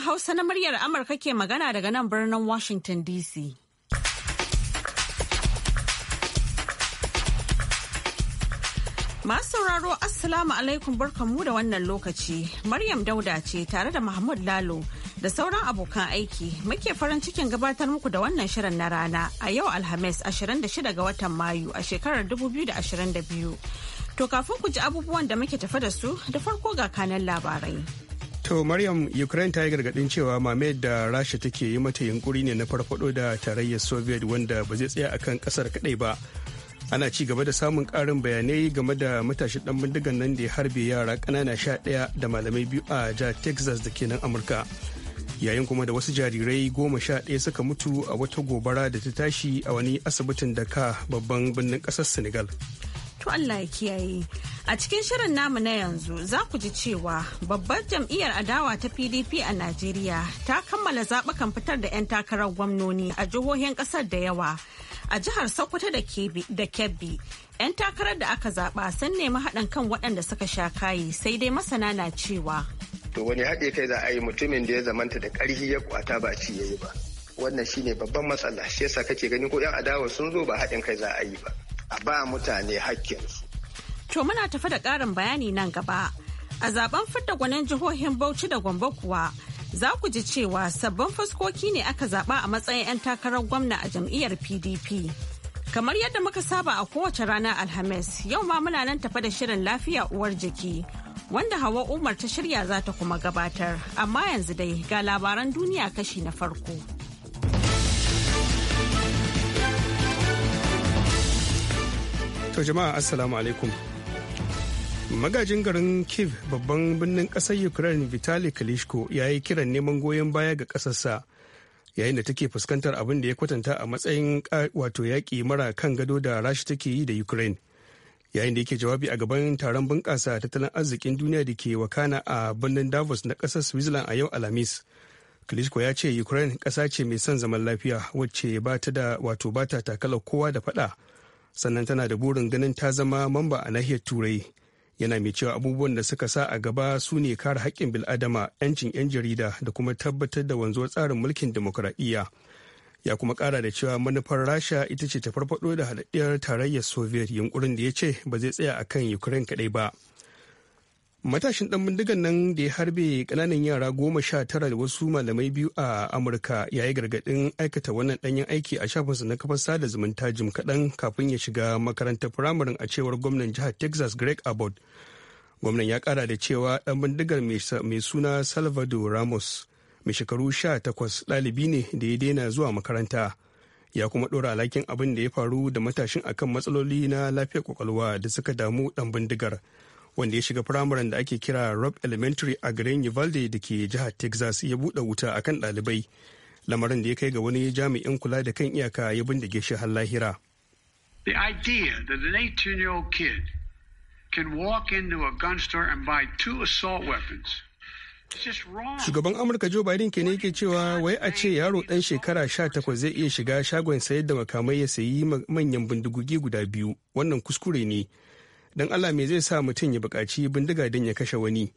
Hausa na muryar Amurka ke magana daga nan birnin Washington DC. Masu sauraro Assalamu alaikum mu da wannan lokaci. Maryam Dauda ce tare da Mahmud Lalo da sauran abokan aiki muke farin cikin gabatar muku da wannan shirin na rana a yau Alhamis 26 ga watan Mayu a shekarar 2022. To kafin ku ji abubuwan da muke tafa da su da farko ga kanan labarai. To Maryam Ukraine ta yi gargadin cewa mamayar da Rasha take yi mata yunkuri ne na farfado da tarayyar Soviet wanda ba zai tsaya akan kasar kadai ba. Ana ci gaba da samun karin bayanai game da matashi dan bindigan nan da ya harbe yara kanana sha ɗaya da malamai biyu a jihar Texas da ke nan Amurka. Yayin kuma da wasu jarirai goma sha ɗaya suka mutu a wata gobara da ta tashi a wani asibitin da ka babban birnin ƙasar Senegal. To Allah ya kiyaye. A cikin shirin namu na yanzu za ku ji cewa babbar jam'iyyar adawa ta PDP a Najeriya ta kammala zaɓukan fitar da 'yan takarar gwamnoni a jihohin ƙasar da yawa. A jihar Sokoto da Kebbi, 'yan takarar da aka zaɓa sun nemi haɗin kan waɗanda suka sha kayi sai dai masana na cewa. To wani haɗe kai za a yi mutumin da ya zamanta da ƙarfi ya kwata ba ci ya yi ba. Wannan shine babban matsala shi yasa kake gani ko 'yan adawa sun zo ba haɗin kai za a yi ba. a ba mutane hakkinsu. To muna tafi da ƙarin bayani nan gaba. A zaben fidda gwanin jihohin Bauchi da Gombe kuwa za ku ji cewa sabbin fuskoki ne aka zaba a matsayin 'yan takarar gwamna a jam'iyyar PDP. Kamar yadda muka saba a kowace ranar Alhamis, yau ma muna nan tafa da shirin lafiya uwar jiki, wanda hawa Umar ta shirya za ta kuma gabatar, amma yanzu dai ga labaran duniya kashi na farko. To jama'a assalamu alaikum. Magajin garin kiv babban birnin kasar Ukraine Vitali Klitschko ya yi kiran neman goyon baya ga kasarsa yayin da take fuskantar abin da ya kwatanta a matsayin wato yaƙi mara kan gado da rashi take yi da Ukraine. Yayin da yake jawabi a gaban taron bunƙasa tattalin arzikin duniya da ke wakana a birnin Davos na ƙasar Switzerland a yau Alhamis. Klitschko ya ce Ukraine ƙasa ce mai son zaman lafiya wacce ba ta da wato ba ta takalar kowa da faɗa. sannan tana da burin ganin ta zama mamba a nahiyar turai yana mai cewa abubuwan da suka sa a gaba su ne kare haƙƙin bil'adama 'yancin 'yan jarida da kuma tabbatar da wanzuwar tsarin mulkin demokuraɗiyya ya kuma ƙara da cewa manufar rasha ita ce ta farfaɗo da haɗaɗɗiyar tarayyar soviet yunkurin da ya ce ba zai tsaya a kan ukraine kaɗai ba matashin dan bindigan nan da ya harbe kananan yara goma sha tara da wasu malamai biyu a amurka ya yi gargadin aikata wannan danyen aiki a shafinsa na kafar sada zumunta jim kaɗan kafin ya shiga makarantar firamarin a cewar gwamnan jihar texas greg abbott gwamnan ya kara da cewa dan bindigar mai suna salvador ramos mai shekaru sha takwas ɗalibi ne da ya daina zuwa makaranta ya kuma ɗora alhakin abin da ya faru da matashin akan matsaloli na lafiyar kwakwalwa da suka damu dan bindigar wanda ya shiga firamaren da ake kira rob elementary a garin uvalde da ke jihar texas ya buɗe wuta akan ɗalibai lamarin da ya kai ga wani jami'in kula da kan iyaka ya bindige shi har lahira the idea that an 18 year old kid can walk into a gun store and buy two assault weapons Shugaban Amurka Joe Biden ke ne yake cewa wai a ce yaro dan shekara sha takwas zai iya shiga shagon sayar da makamai ya sayi manyan bindigogi guda biyu wannan kuskure ne don allah me zai sa mutum ya buƙaci bindiga don ya kashe wani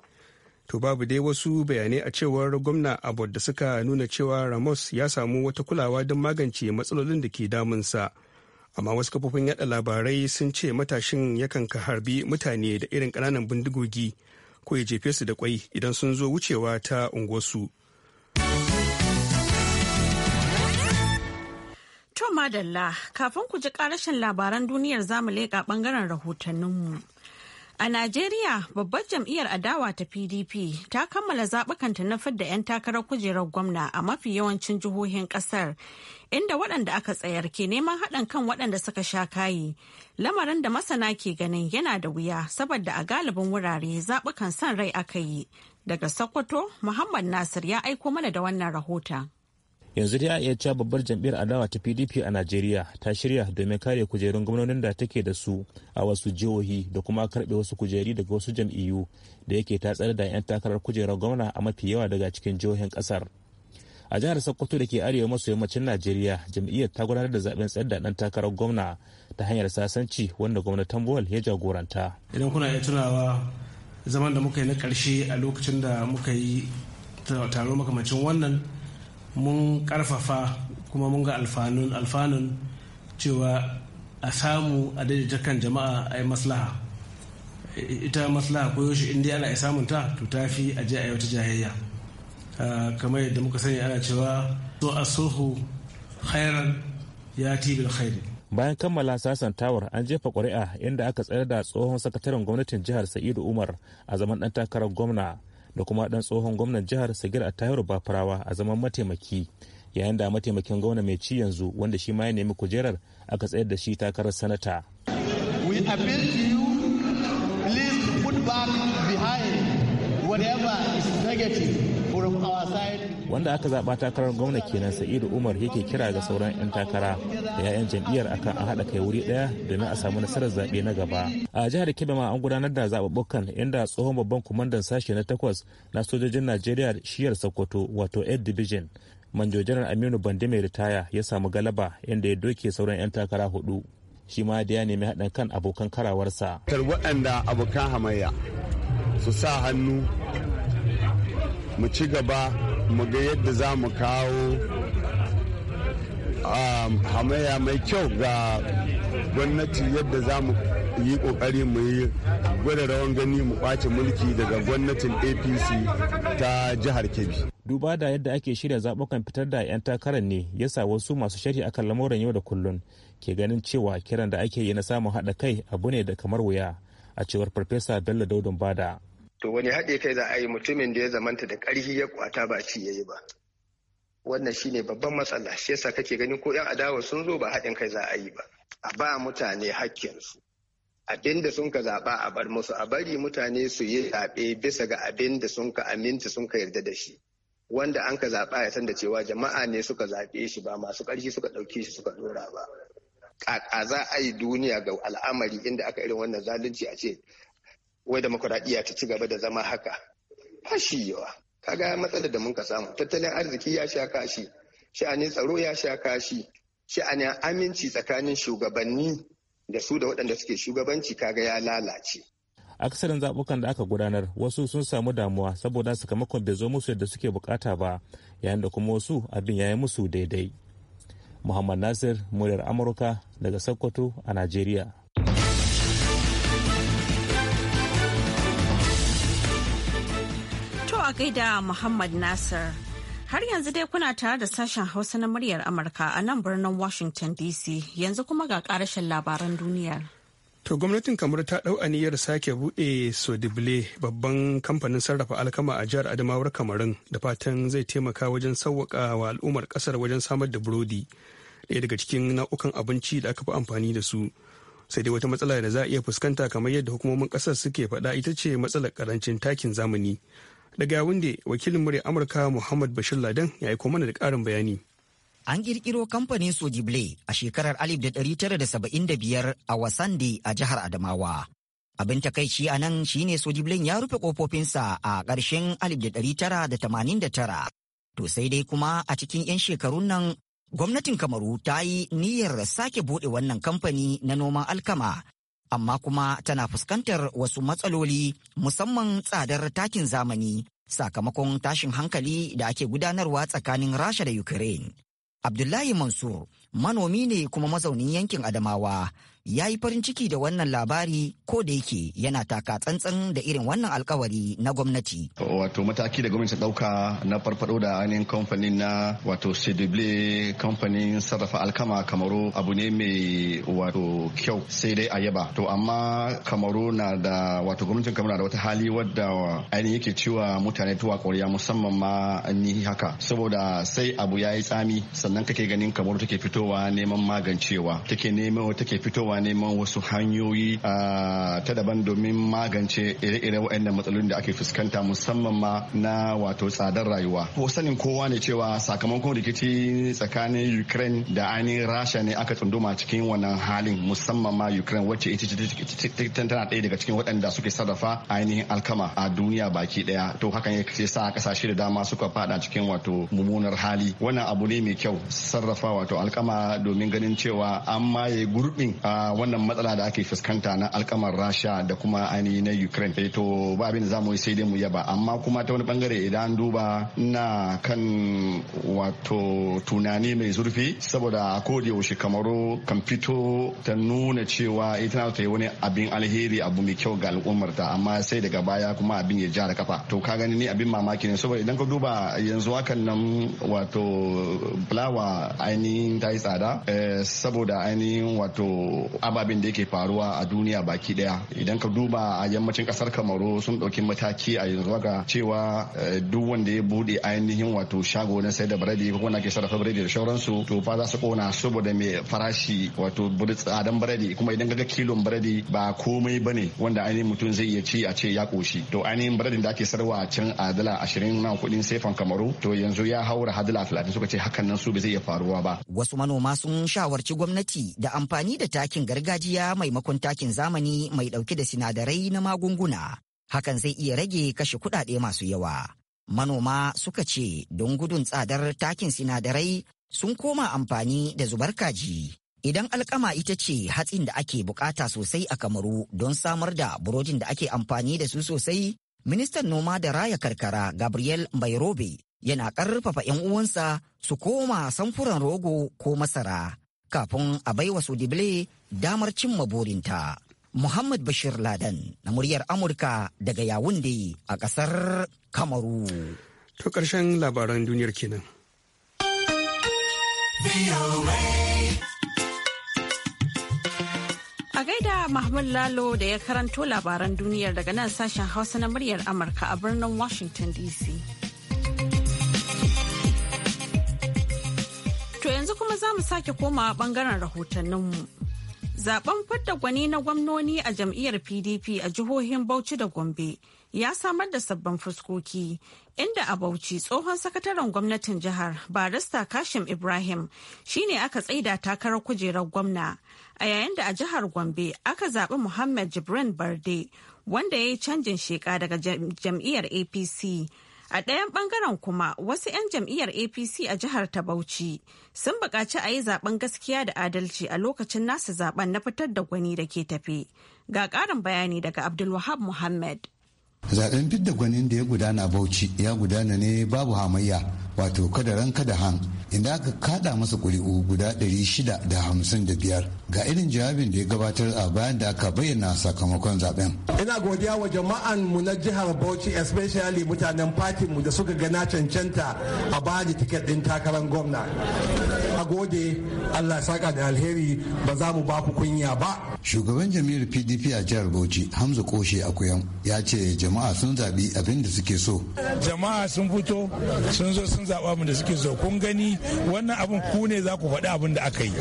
to babu dai wasu bayanai a cewar gwamna abod da suka nuna cewa ramos ya samu wata kulawa don magance matsalolin da ke damunsa amma wasu kafofin yada labarai sun ce matashin yakan ka harbi mutane da irin ƙananan bindigogi ko ya jefe su da kwai idan sun zo wucewa ta unguwarsu To madalla kafin ku ji karashin labaran duniyar zamu leƙa ɓangaren rahotanninmu. A Najeriya babbar jam'iyyar adawa ta PDP ta kammala zaɓukanta na da 'yan takarar kujerar gwamna a mafi yawancin jihohin ƙasar inda waɗanda aka tsayar ke neman haɗin kan waɗanda suka sha kayi. Lamarin da masana ke ganin yana da wuya saboda a galibin wurare zaɓukan son rai aka yi. Daga Sokoto, Muhammad Nasir ya aiko mana da wannan rahoton. yanzu dai a iya cewa babbar jam'iyyar adawa ta pdp a najeriya ta shirya domin kare kujerun gwamnonin da take da su a wasu jihohi da kuma karbe wasu kujeri daga wasu jam'iyyu da yake ta tsare da 'yan takarar kujerar gwamna a mafi yawa daga cikin jihohin kasar a jihar sokoto da ke arewa maso yammacin najeriya jam'iyyar ta gudanar da zaben tsayar da dan takarar gwamna ta hanyar sasanci wanda gwamnatin buwal ya jagoranta idan kuna iya tunawa zaman da muka yi na karshe a lokacin da muka yi taro makamacin wannan mun karfafa kuma mun ga alfanun alfanun cewa a samu a daidaita kan jama'a a yi maslaha ita maslaha ko yaushe in ana ana samun ta to ta fi a je a yi wata jayayya ah, kamar yadda muka sani ana cewa so a sohu khairan ya tibil khairi bayan kammala sasantawar an jefa ƙuri'a inda aka tsayar da tsohon sakataren gwamnatin jihar sa'idu umar a zaman ɗan takarar gwamna da kuma dan tsohon gwamnan jihar sagir a tayar bafarawa a zaman mataimaki yayin da mataimakin gwamna mai ci yanzu wanda shi ma ya nemi kujerar aka tsayar da shi takarar sanata we appeal to you please put back behind whatever is negative from our wanda aka zaɓa takarar gwamna kenan sa'idu umar yake kira ga sauran 'yan takara da 'ya'yan jam'iyyar akan a haɗa kai wuri ɗaya domin a samu nasarar zaɓe na gaba a jihar kebbi an gudanar da zaɓuɓɓukan inda tsohon babban kwamandan sashe na takwas na sojojin najeriya shiyar sokoto wato 8 division manjo janar aminu bande mai ritaya ya samu galaba inda ya doke sauran 'yan takara hudu shi ma da ya nemi haɗin kan abokan karawarsa kar waɗanda abokan hamayya su sa hannu mu ci gaba mu ga yadda za mu kawo ah, hamaya mai kyau ga gwamnati yadda za mu yi kokari mu yi gwada rawan gani mu kwace mulki daga gwamnatin apc ta jihar kebbi duba da yadda ake shirya zaɓukan fitar da 'yan takarar ne ya sa wasu masu shari'a akan lamuran yau da kullun ke ganin cewa kiran da ake yi na samun haɗa kai abu ne da kamar wuya a cewar farfesa bello daudun bada to wani haɗe kai za a yi mutumin da ya zamanta da ƙarfi ya kwata ba ci ya yi ba wannan shi ne babban matsala shi yasa kake ganin ko yan adawa sun zo ba haɗin kai za a yi ba a ba mutane hakkinsu abin da sun ka zaɓa a bar musu a bari mutane su yi zaɓe bisa ga abin da sun ka aminta sun ka yarda da shi wanda an ka zaɓa ya san da cewa jama'a ne suka zaɓe shi ba masu ƙarfi suka ɗauke shi suka ɗora ba A za a yi duniya ga al'amari inda aka irin wannan zalunci a ce wai demokuraɗiyya ta ci gaba da zama haka ba shi yawa kaga matsalar da mun ka samu tattalin arziki ya sha kashi sha'anin tsaro ya sha kashi sha'anin aminci tsakanin shugabanni da su da waɗanda suke shugabanci kaga ya lalace akasarin zabukan da aka gudanar wasu sun samu damuwa saboda sakamakon bai zo musu yadda suke bukata ba yayin da kuma wasu abin ya yi musu daidai muhammad nasir muryar amurka daga sokoto a najeriya a gaida Muhammad Nasir. Har yanzu dai kuna tare da sashen Hausa na muryar Amurka a nan birnin Washington DC yanzu kuma ga karashin labaran duniya To gwamnatin kamar ta dau aniyar sake buɗe Sodibile babban kamfanin sarrafa alkama a jihar Adamawar Kamarin da fatan zai taimaka wajen sauwaka wa al'ummar kasar wajen samar da burodi daya daga cikin nau'ukan abinci da aka fi amfani da su. Sai dai wata matsala da za a iya fuskanta kamar yadda hukumomin ƙasar suke faɗa ita ce matsalar karancin takin zamani. Daga wunde wakilin murya Amurka Muhammad Bashir Ladan ya aiko mana da karin bayani. An kirkiro kamfanin Sojible a shekarar 1975 a Wasande a jihar Adamawa. Abin takaici a nan shine Sojiblen ya rufe kofofinsa a ƙarshen 1989. To sai dai kuma a cikin 'yan shekarun nan gwamnatin Kamaru ta yi niyyar sake bude wannan kamfani na noman alkama amma kuma tana fuskantar wasu matsaloli musamman tsadar takin zamani sakamakon tashin hankali da ake gudanarwa tsakanin rasha da ukraine abdullahi mansur manomi ne kuma mazaunin yankin adamawa ya yi farin ciki da wannan labari ko da yake yana taka tsantsan da irin wannan alkawari na gwamnati. Wato mataki da gwamnati ta ɗauka na farfado da ainihin kamfanin na wato CDB kamfanin sarrafa alkama kamaru abu ne mai wato kyau sai dai a yaba. To amma kamaru na da wato gwamnatin kamaru da wata hali wadda ainihin yake cewa mutane tuwa ƙwarya musamman ma ni haka. Saboda sai abu ya yi tsami sannan kake ganin kamaru take fitowa neman magancewa take neman take fitowa yawa neman wasu hanyoyi ta daban domin magance ire-ire waɗannan matsalolin da ake fuskanta musamman ma na wato tsadar rayuwa ko sanin kowa ne cewa sakamakon rikici tsakanin ukraine da ainihin rasha ne aka tsunduma cikin wannan halin musamman ma ukraine wacce ita ce tana ɗaya daga cikin waɗanda suke sarrafa ainihin alkama a duniya baki ɗaya to hakan ya sa kasashe da dama suka faɗa cikin wato mummunar hali wannan abu ne mai kyau sarrafa wato alkama domin ganin cewa an maye gurbin a wannan matsala da ake fuskanta na alkamar rasha da kuma ainihi na ukraine eh, to ba abin da za mu yi sai dai mu yaba amma kuma ta wani bangare idan duba na kan wato tunani mai zurfi saboda a koda yaushe kamaru kan fito ta nuna cewa ita eh, na ta yi wani abin alheri abu mai kyau ga al'ummar ta amma sai daga baya kuma abin ya ja da kafa to ka gani ni abin mamaki ne saboda idan ka duba yanzu hakan nan wato fulawa ainihin ta yi tsada eh, saboda ainihin wato ababen da yake faruwa a duniya baki daya idan ka duba a yammacin kasar kamaru sun ɗauki mataki a yanzu ga cewa eh, duk wanda ya bude ainihin wato shago na sayar da biredi ko wanda ke sarrafa biredi da sauransu to fa za su kona saboda mai farashi wato tsadan biredi kuma idan ga kilon biredi ba komai bane wanda ainihin mutum zai iya ci a ce ya koshi to ainihin biredin da ake sarwa a can a dala ashirin na kudin sefan kamaru to yanzu ya haura hadala talatin suka ce hakan nan su ba zai iya faruwa ba wasu manoma sun shawarci gwamnati da amfani da takin takin gargajiya maimakon takin zamani mai ɗauke da sinadarai na magunguna. Hakan zai iya rage kashe kudade masu yawa. Manoma suka ce don gudun tsadar takin sinadarai sun koma amfani da zubar kaji. Idan alkama ita ce hatsin da ake bukata sosai a Kamaru don samar da burodin da ake amfani da su sosai, ministan noma da raya karkara Gabriel Mbairobe yana karfafa 'yan uwansa su koma samfuran rogo ko masara kafin a baiwa dibile damar cimma burinta. Muhammad Bashir Laden na muryar Amurka daga Yawunde a ƙasar Kamaru. To ƙarshen labaran duniyar kenan. A gaida Mahmud Lalo da ya karanto labaran duniyar daga nan sashen Hausa na muryar Amurka a birnin Washington DC. yanzu kuma za mu sake komawa bangaren rahotanninmu. Zaben fadda gwani na gwamnoni a jam'iyyar PDP a jihohin Bauchi da Gombe ya samar da sabbin fuskoki inda a Bauchi tsohon sakataren gwamnatin jihar barista Kashim Ibrahim shine aka tsaida takarar kujerar gwamna a yayin da a jihar Gombe aka zaɓi Muhammad Jibrin Barde wanda ya yi canjin sheka daga jam'iyyar APC A ɗayan ɓangaren kuma wasu 'yan jam'iyyar APC a jihar ta Bauchi sun buƙaci a yi zaben gaskiya da adalci a lokacin nasu zaben na fitar da gwani da ke tafe. Ga ƙarin bayani daga Abdulwahab Muhammad. Zaben fidda gwanin da ya gudana Bauchi ya gudana ne babu hamayya wato kada ran kada han inda aka kada masa kuri'u guda 655 ga irin jawabin da ya gabatar a bayan da aka bayyana sakamakon zaben. Ina godiya wa jama'an mu na jihar Bauchi especially mutanen mu da suka gana cancanta a bani tiket din takarar gwamna. A gode Allah saka da alheri ba za mu baku kunya ba. Shugaban jami'ar PDP a jihar Bauchi Hamza Koshe akuyan ya ce jama'a sun zaɓi abin da suke so. Jama'a sun fito sun zo sun zaɓa mu da suke so kun gani wannan abun ku ne za ku faɗi abin da aka yi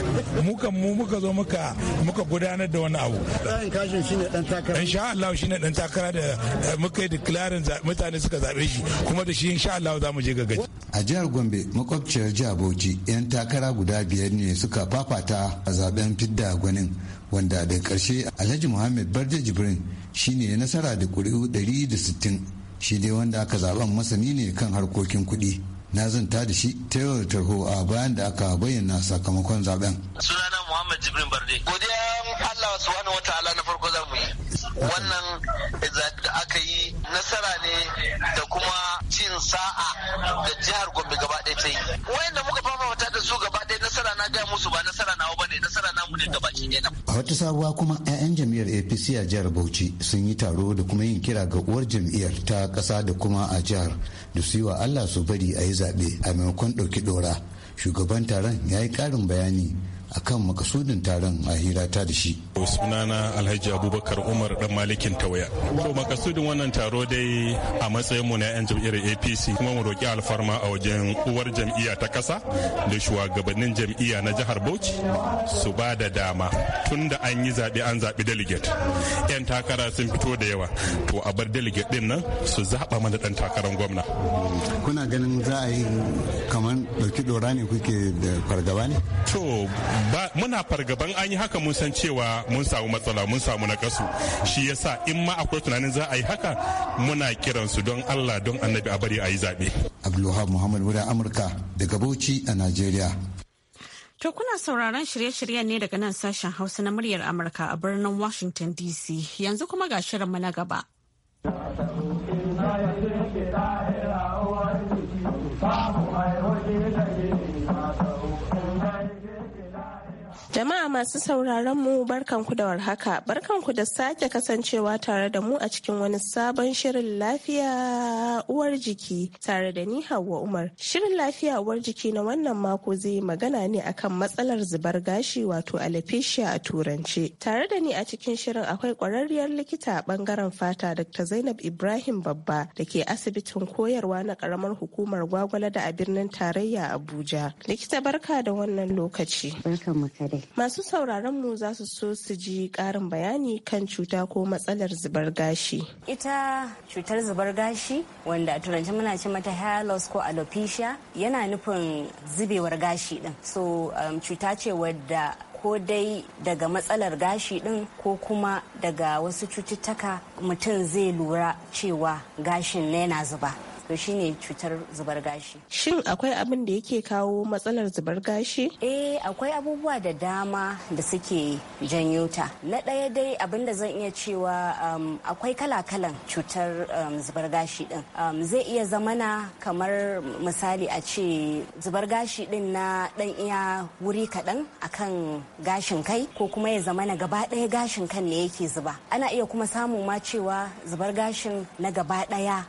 muka mu muka zo muka muka gudanar da wani abu tsarin kashin shine dan takara insha Allah shine dan takara da eh, muka yi declaring mutane suka zabe shi kuma da shi insha Allah za mu je gaji. a jihar Gombe makwabciyar jihar Bauchi yan takara guda biyar ne suka fafata a zaben fidda gwanin wanda da karshe Alhaji Muhammad Barde Jibrin shine ya nasara da ƙuri'u 160 shi dai wanda aka zaben masani ne kan harkokin kuɗi na zanta da shi ta yau da tarho a bayan da aka bayyana sakamakon zaben. sunana muhammad jibrin barde godiya allah subhanahu wa ta'ala na farko za mu yi wannan nasara ne da kuma cin sa'a da jihar Gombe gaba ɗaya ta yi. Wayanda muka fafata da su gaba ɗaya nasara na gaya musu ba nasara na bane nasara na ne gaba ɗaya. A wata sabuwa kuma 'ya'yan jam'iyyar APC a jihar Bauchi sun yi taro da kuma yin kira ga uwar jam'iyyar ta ƙasa da kuma a jihar da su yi wa Allah su bari a yi zaɓe a maimakon ɗauki ɗora. Shugaban taron ya yi ƙarin bayani akan makasudin taron a hira ta da shi. sunana alhaji abubakar umar dan malikin tawaya to makasudin wannan taro dai a matsayin mu na yan jam'iyyar apc kuma mu roki alfarma a wajen uwar jam'iyya ta kasa da shugabannin jam'iyya na jihar bauchi su ba da dama tun da an yi zaɓe an zaɓi delegate yan takara sun fito da yawa to a bar delegate din nan su zaɓa mana dan takarar gwamna. kuna ganin za a yi kamar ɗauki ɗora ne kuke da fargaba ne? to muna fargaban an yi haka mun san cewa mun samu matsala mun samu na kasu shi yasa in ma akwai tunanin za a yi haka muna kiransu don Allah don annabi a bari a yi zabe Abdullahi Muhammad wurin Amurka daga Bauchi a Najeriya To kuna sauraron shirye-shiryen ne daga nan sashen Hausa na muryar Amurka a birnin Washington DC yanzu kuma ga shirinmu na gaba. Jama'a masu sauraron mu barkanku da warhaka, barkanku da sake kasancewa tare da mu a cikin wani sabon shirin lafiya uwar jiki tare da ni Hauwa Umar. Shirin lafiya uwar jiki na wannan mako zai yi magana ne akan matsalar zubar gashi wato alopecia a turance. Tare da ni a cikin shirin akwai kwararriyar likita a bangaren fata Dr. Zainab Ibrahim Babba da ke asibitin koyarwa na karamar hukumar Gwagwala da a birnin tarayya Abuja. Likita barka da wannan lokaci. Barkan mu kadai. Masu sauraron mu za su so su ji ƙarin bayani kan cuta ko matsalar zubar gashi. Ita cutar zubar gashi wanda a turanci muna ce mata hair ko alopecia yana nufin zubewar gashi din. So um, cuta ce wadda ko dai daga matsalar gashi din ko kuma daga wasu cututtuka mutum zai lura cewa gashin na yana zuba. to shine cutar zubar gashi shin akwai abin da yake kawo matsalar zubar gashi eh akwai abubuwa da dama da suke janyo ta na ɗaya dai abin da zan iya cewa um, akwai kala-kalan cutar um, zubar gashi din um, zai iya zamana kamar misali a ce zubar gashi din na ɗan iya wuri kaɗan akan gashin kai ko kuma ya zamana gaba ɗaya gashin kan ne yake zuba ana iya kuma samu ma cewa zubar gashin na gaba ɗaya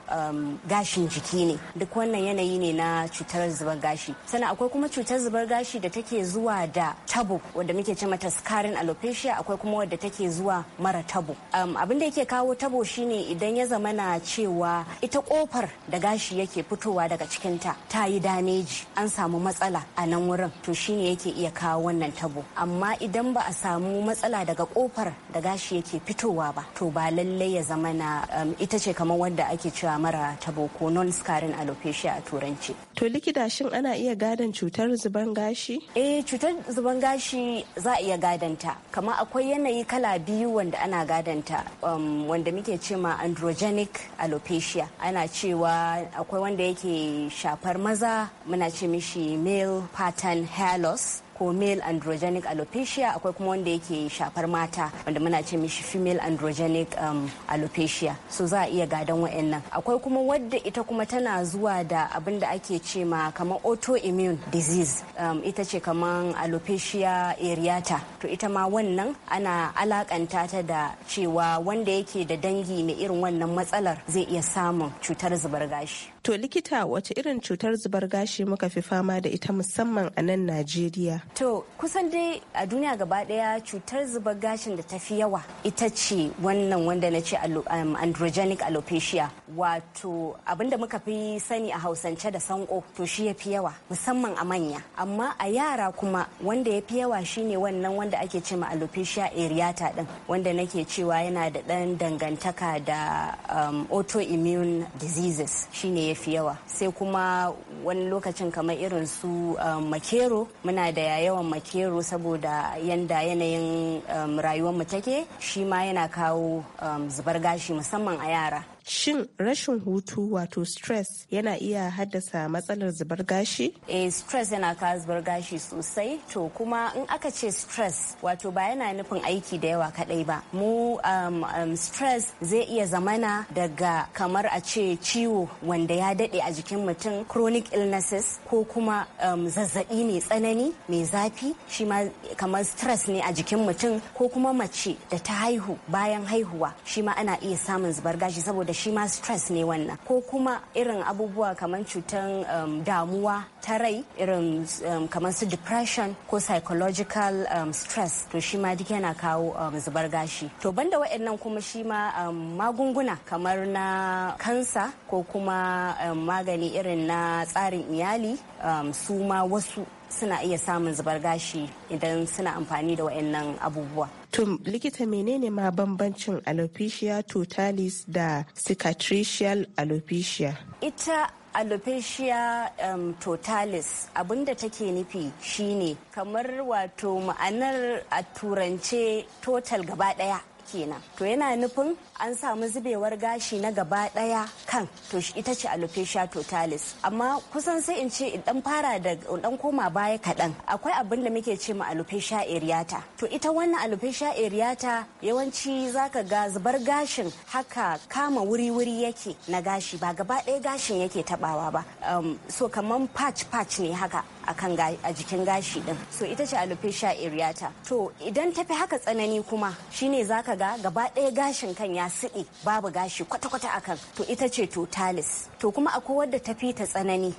gashin jiki ne duk wannan yanayi ne na cutar zubar gashi sannan akwai kuma cutar zubar gashi da take zuwa da tabo wanda muke ce mata scarring alopecia akwai kuma wadda take zuwa mara tabo um, abin da yake kawo tabo shine idan ya zamana cewa ita kofar da gashi yake fitowa daga cikin ta yi dameji an samu matsala a nan wurin to shine yake iya kawo wannan tabo amma idan ba a samu matsala daga kofar da gashi yake fitowa ba to ba lallai ya zamana um, ita ce kamar wadda ake cewa mara tabo ko non-scarring alopecia a turanci. To likita shin ana iya gadon cutar zuban gashi? Eh cutar zuban gashi za a iya gadanta kama akwai yanayi kala biyu wanda ana gadanta um, wanda muke cema androgenic alopecia ana cewa akwai wanda yake shafar maza muna ce mishi male pattern hair loss ko male androgenic alopecia akwai kuma wanda yake shafar mata wanda muna ce mishi female androgenic um, alopecia so za a iya gadon wa'annan akwai kuma wadda ita kuma tana zuwa da abin da ake ce ma kamar autoimmune disease um, ita ce kamar alopecia areata to ita ma wannan ana alakanta ta da cewa wanda yake da dangi mai irin wannan matsalar zai iya samun cutar zubar gashi To likita wace irin cutar zubar gashi muka fi fama da ita musamman a nan Najeriya? To kusan dai a duniya gaba ɗaya cutar zubar gashin da tafi yawa ita ce wannan wanda na ce um, androgenic alopecia wato abinda muka fi sani a hausance da sanko to shi ya fi yawa musamman a manya amma a yara kuma wanda ya fi yawa shine wannan wanda ake ce ma alopecia areata din wanda nake cewa yana da ɗan dangantaka da um, autoimmune diseases shine ya fi yawa sai kuma wani lokacin kamar irin su um, makero muna da yawan makero saboda yanda yanayin um, rayuwar mu take shi ma yana kawo um, zubar gashi musamman a yara shin rashin hutu wato stress yana iya haddasa matsalar zubar gashi? eh stress yana kawo zubar gashi sosai to kuma in aka ce stress wato ba yana nufin aiki da yawa kadai ba mu um, um, stress zai iya zamana daga kamar a ce ciwo wanda ya dade a jikin mutum chronic illnesses ko kuma um, zazzabi mai tsanani mai zafi shi ma kamar stress ne a jikin mutum ko kuma mace da ta haihu bayan haihuwa shi ma ana iya samun zubar gashi saboda shi ma stress ne wannan ko kuma irin abubuwa kamar cutar um, damuwa ta rai irin um, kamar su depression ko psychological um, stress to shi ma duk yana kawo um, zubar gashi to banda waɗannan kuma shi ma um, magunguna kamar na kansa ko kuma um, magani irin na tsarin iyali um, su ma wasu suna iya samun zubar gashi idan suna amfani da waɗannan abubuwa To likita menene ma bambancin alopecia totalis da cicatricial alopecia? Ita alopecia um, totalis abinda take nufi shine kamar wato ma'anar a turance total gaba daya kenan to yana nufin an samu zubewar gashi na gaba daya kan to ita ce alopecia totalis amma kusan sai in ce dan fara da dan koma baya kaɗan akwai abin da muke ce ma alopecia areata to ita wannan alopecia areata yawanci zaka ga zubar gashin haka kama wuri-wuri yake na gashi ba gaba ɗaya gashin yake tabawa ba um, so kaman patch patch ne haka a jikin gashi din so ita ce alopecia areata to idan tafi haka tsanani kuma shine zaka ga gaba ɗaya gashin kan ya siɗe babu gashi kwata-kwata akan to ita ce totalis to kuma akwai wadda tafi ta tsanani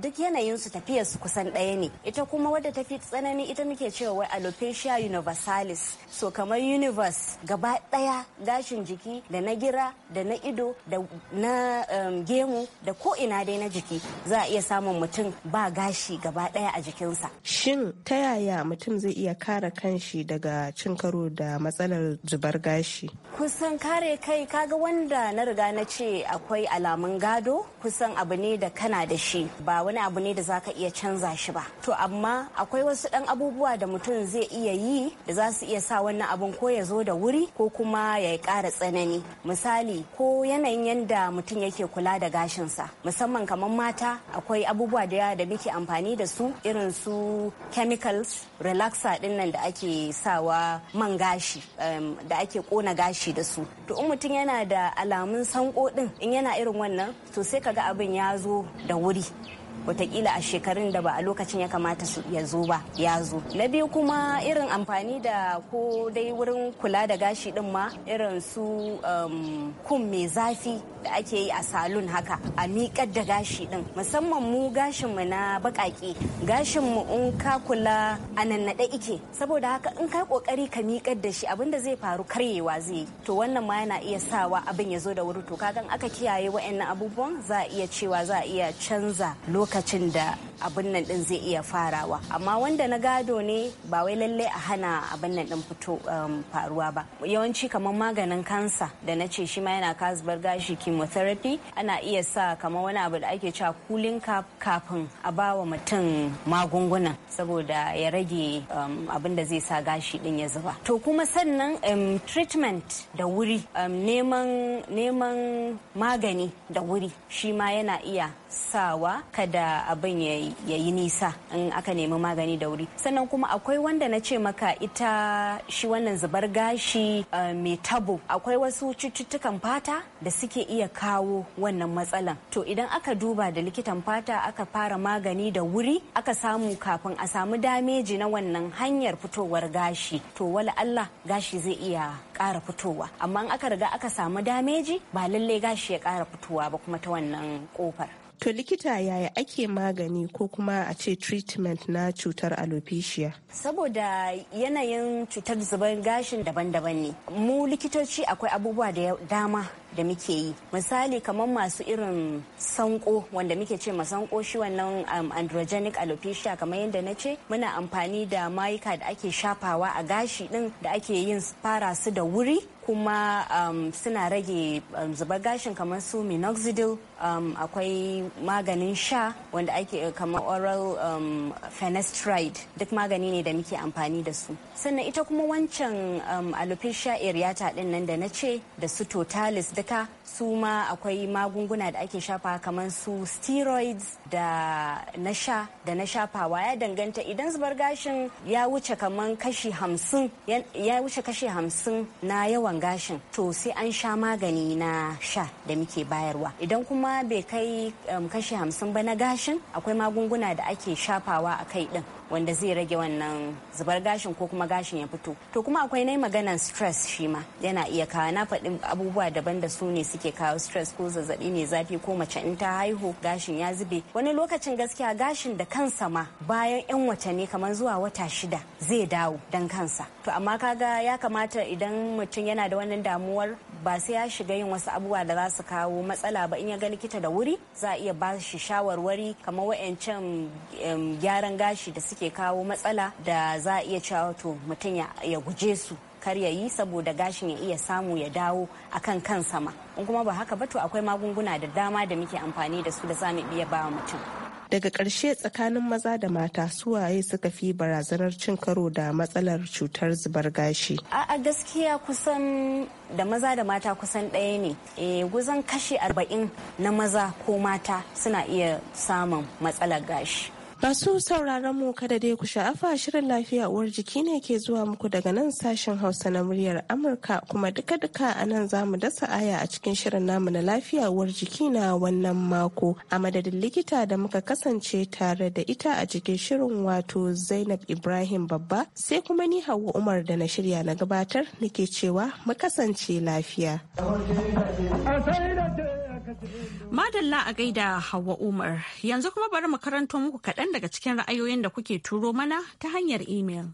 duk yanayin su tafiyar su kusan ɗaya ne ita kuma wadda tafi tsanani ita muke cewa wai alopecia universalis so kamar universe gaba ɗaya gashin jiki da na gira da na ido da na um, gemu da ko ina dai na jiki za a iya samun mutum ba gashi gaba gaba daya a jikinsa. Shin ta yaya mutum zai iya kare kanshi daga cin karo da matsalar zubar gashi? Kusan kare kai kaga wanda na riga na ce akwai alamun gado kusan abu ne da kana da shi ba wani abu ne da zaka iya canza shi ba. To amma akwai wasu ɗan abubuwa da mutum zai iya yi da za su iya sa wannan abun ko ya zo da wuri ko kuma ya ƙara tsanani. Misali ko yanayin yadda mutum yake kula da gashinsa musamman kamar mata akwai abubuwa da da muke amfani da da su irin su chemicals relaxer din nan da ake sawa man gashi da ake kona gashi da su to in mutum yana da alamun sanko din in yana irin wannan to sai kaga abin ya zo da wuri watakila a shekarun da ba a lokacin ya kamata su ya zo ba ya zo na biyu kuma irin amfani da ko dai wurin kula da gashi din ma irin su um, kun mai zafi da ake yi a salon haka a miƙar da gashi din musamman mu gashin mu na baƙaƙe gashin mu in ka kula a nannaɗe ike saboda haka in ka kokari ka miƙar da shi abinda zai faru karyewa zai yi to wannan ma yana iya sawa abin ya zo da wuri to kagan aka kiyaye wa'annan abubuwan za a iya cewa za a iya canza lokacin lokacin da abin nan din zai iya farawa amma wanda na gado ne ba wai lallai a hana abin nan din fito um, faruwa ba yawanci kamar maganin kansa da na ce shi ma yana kasbar gashi chemotherapy ana iya sa kamar wani abu da ake cewa kulin kafin a ba wa mutum magungunan saboda ya rage um, abin da zai sa gashi din ya zuba to kuma sannan um, treatment da wuri neman magani da wuri shi ma yana iya sawa kada abin ya ya yi nisa in aka nemi magani da wuri sannan kuma akwai wanda na ce maka ita shi wannan zubar gashi eh, mai tabo akwai wasu cututtukan fata da suke iya kawo wannan matsalan to idan aka duba da likitan fata aka fara magani da wuri aka samu kafin a samu dameji na wannan hanyar fitowar gashi to wala Allah gashi zai iya ƙara fitowa amma in aka riga aka samu dameji ba lallai gashi ya ƙara fitowa ba kuma ta wannan kofar To likita yaya ake magani ko kuma a ce treatment na cutar alopecia? Saboda yanayin cutar zuban gashin daban-daban ne. Mu likitoci akwai abubuwa da dama da muke yi misali kamar masu irin sanko wanda muke ce masanko shi wannan um, androgenic alopecia kamar yadda na ce muna amfani da mayuka da ake shafawa a gashi din da ake yin fara su da wuri kuma um, suna rage um, zubar gashin kamar su minoxidil um, akwai maganin sha wanda ake eh, kamar oral um, fenestride duk magani ne da muke amfani da su sannan ita kuma wancan um, alopecia areata din nan da na ce da su totalis duk ma'aikata su ma akwai magunguna da ake shafa kamar su steroids da na sha da na shafawa ya danganta idan zubar gashin ya wuce kamar kashi hamsin ya wuce kashi hamsin na yawan gashin to sai an sha magani na sha da muke bayarwa idan kuma bai kai um, kashi hamsin ba na gashin akwai magunguna da ake shafawa a kai din wanda zai rage wannan zubar gashin ko kuma gashin ya fito to kuma akwai nai maganan stress shi ma yana iya kawo na faɗi abubuwa daban da su ne suke kawo stress ko zazzabi ne zafi ko mace in ta haihu gashin ya zube wani lokacin gaskiya gashin da kansa ma bayan yan watanni kamar zuwa wata shida zai dawo dan kansa to amma kaga ya kamata idan mutum yana da wannan damuwar ba sai ya shiga yin wasu abubuwa da za su kawo matsala ba in ya ga likita da wuri za a iya ba shi shawarwari kamar wa'ancan gyaran gashi da suke suke kawo matsala da za a iya cewa to mutum ya guje su kar ya yi saboda gashin ya iya samu ya dawo akan kan sama in kuma ba haka ba to akwai magunguna da dama da muke amfani da su da za mu iya ba mutum daga karshe tsakanin maza da mata suwaye suka fi barazanar cin karo da matsalar cutar zubar gashi a gaskiya kusan da maza da mata kusan ɗaya ne e, guzan kashi arba'in na maza ko mata suna iya samun matsalar gashi Masu sauraron mu kada dai ku sha'afa shirin lafiya uwar jiki ne ke zuwa muku daga nan sashen Hausa na muryar Amurka kuma duka-duka a nan za mu dasa aya a cikin shirin namu na lafiya uwar jiki na wannan mako a madadin likita da muka kasance tare da ita a cikin shirin wato Zainab Ibrahim Babba sai kuma ni Hauwa Umar da na shirya na gabatar nake cewa mu kasance lafiya. Madalla a gaida Hauwa Umar, yanzu kuma bari mu karanto muku kaɗan daga cikin ra'ayoyin da kuke turo mana ta hanyar imel.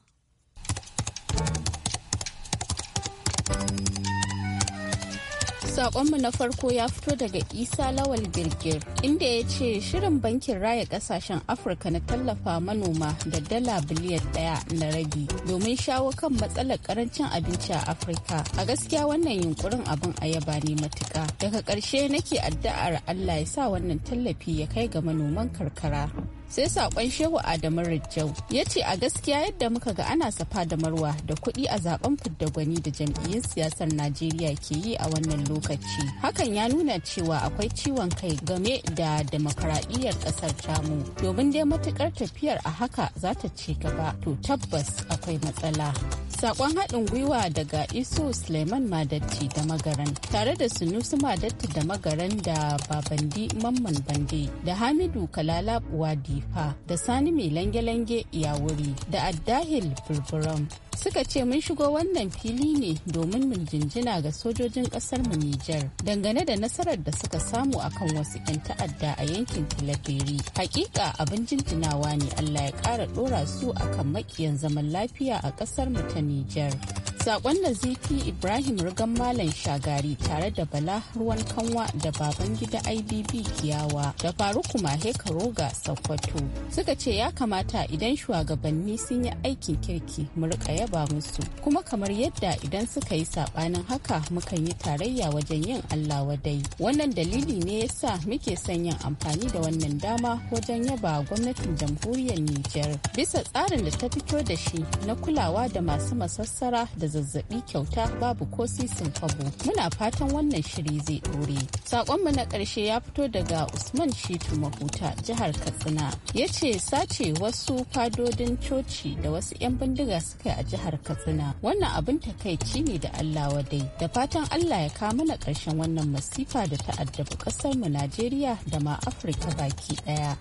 Sakonmu na farko ya fito daga Isa Lawal Girgir, inda ya ce shirin bankin raya kasashen Afirka na tallafa manoma da dala biliyan daya na rabi domin shawo kan matsalar karancin abinci a Afirka. A gaskiya wannan yunkurin abin yaba ne matuka. Daga ƙarshe nake addu'ar Allah ya sa wannan tallafi ya kai ga manoman karkara. sai sakon shehu adamu rajau ya ce a gaskiya yadda muka ga ana safa da marwa da kuɗi a zaben fidda gwani da jam'iyyun siyasar najeriya ke yi a wannan lokaci hakan ya nuna cewa akwai ciwon kai game da demokaradiyyar ƙasar tamu domin dai matukar tafiyar a haka za ta ci gaba to tabbas akwai matsala sakon haɗin gwiwa daga iso suleiman madatti da magaran tare da sunusu madatti da magaran da babandi mamman bande da hamidu kalala buwadi Khalifa da Sani Mai Lange-Lange wuri da Addahil Fulfuram suka ce mun shigo wannan fili ne domin mun jinjina ga sojojin kasar mu Nijar dangane da nasarar da suka samu akan wasu 'yan ta'adda a yankin tilaferi Hakika abin jinjinawa ne Allah ya ƙara ɗora su akan makiyan zaman lafiya a kasar mu ta Nijar. Sakon da Ziki Ibrahim rugan Malam Shagari tare da Bala Ruwan Kanwa da baban gida IBB Kiyawa da Faruku Mahe Karoga Sokoto suka ce ya kamata idan shugabanni sun yi aikin kirki mu rika saba musu kuma kamar yadda idan suka yi sabanin haka mukan yi tarayya wajen yin Allah wadai wannan dalili ne yasa muke son yin amfani da wannan dama wajen yaba gwamnatin jamhuriyar Nijar bisa tsarin da ta fito da shi na kulawa da masu masassara da zazzabi kyauta babu ko sisin kwabo muna fatan wannan shiri zai dore sakonmu na karshe ya fito daga Usman Shitu Mahuta jihar Katsina yace sace wasu fadodin coci da wasu 'yan bindiga suka yi a jihar jihar katsina wannan abin takaici ne da allah wadai da fatan allah ya kawo mana ƙarshen wannan masifa da ta addabi mu najeriya da ma afirka baki ɗaya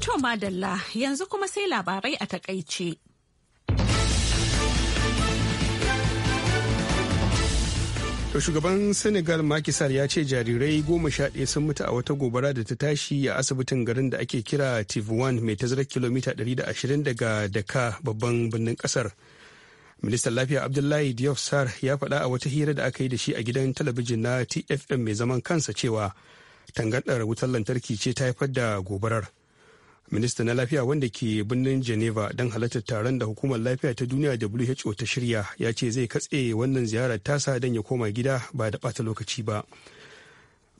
To madalla yanzu kuma sai labarai a takaice. To shugaban Senegal makisar ya ce jarirai goma sha ɗaya sun mutu a wata gobara da ta tashi a asibitin garin da ake kira tf-1 mai tazarar kilomita 120 daga Daka babban birnin ƙasar. Ministan Lafiya Abdullahi Diop Sar ya faɗa a wata hira da aka yi da shi a gidan talabijin na TFM mai zaman kansa cewa tangadar wutar lantarki ce ta haifar da gobarar. minista na lafiya wanda ke birnin geneva don halartar taron da hukumar lafiya ta duniya who ta shirya ya ce zai katse wannan ziyarar tasa don ya koma gida ba da bata lokaci ba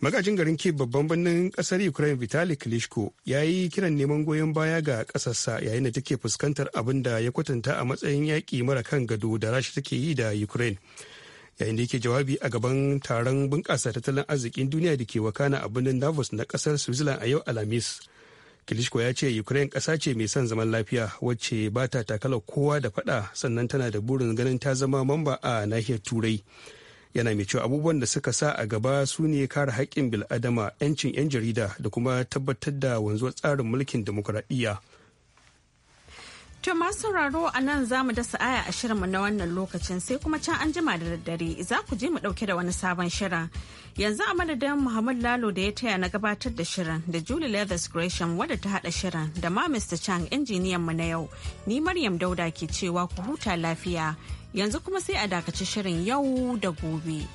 magajin garin ke babban birnin kasar ukraine vitali klitschko ya yi kiran neman goyon baya ga kasarsa yayin da take fuskantar abin da ya kwatanta a matsayin yaƙi mara kan gado da rasha take yi da ukraine yayin da yake jawabi a gaban taron bunƙasa tattalin arzikin duniya da ke wakana a birnin davos na kasar switzerland a yau alhamis Klitschko ya ce Ukraine ƙasa ce mai son zaman lafiya wacce ba ta takalar kowa da faɗa sannan tana da burin ganin ta zama mamba a nahiyar Turai. Yana mai cewa abubuwan da suka sa a gaba su ne kare haƙƙin bil'adama, 'yancin 'yan jarida da kuma tabbatar da wanzuwar tsarin mulkin demokuraɗiyya. To masu sauraro a nan za mu dasa aya a shirinmu na wannan lokacin sai kuma can an jima da daddare za ku je mu ɗauke da wani sabon shirin. Yanzu a madadin Muhammad Lalo da ya taya na gabatar da shirin da Julie Leathers Gresham wadda ta haɗa shirin da ma Mr. Chang injiniyan mu na yau. Ni Maryam Dauda ke cewa ku huta lafiya. Yanzu kuma sai a dakaci shirin yau da gobe.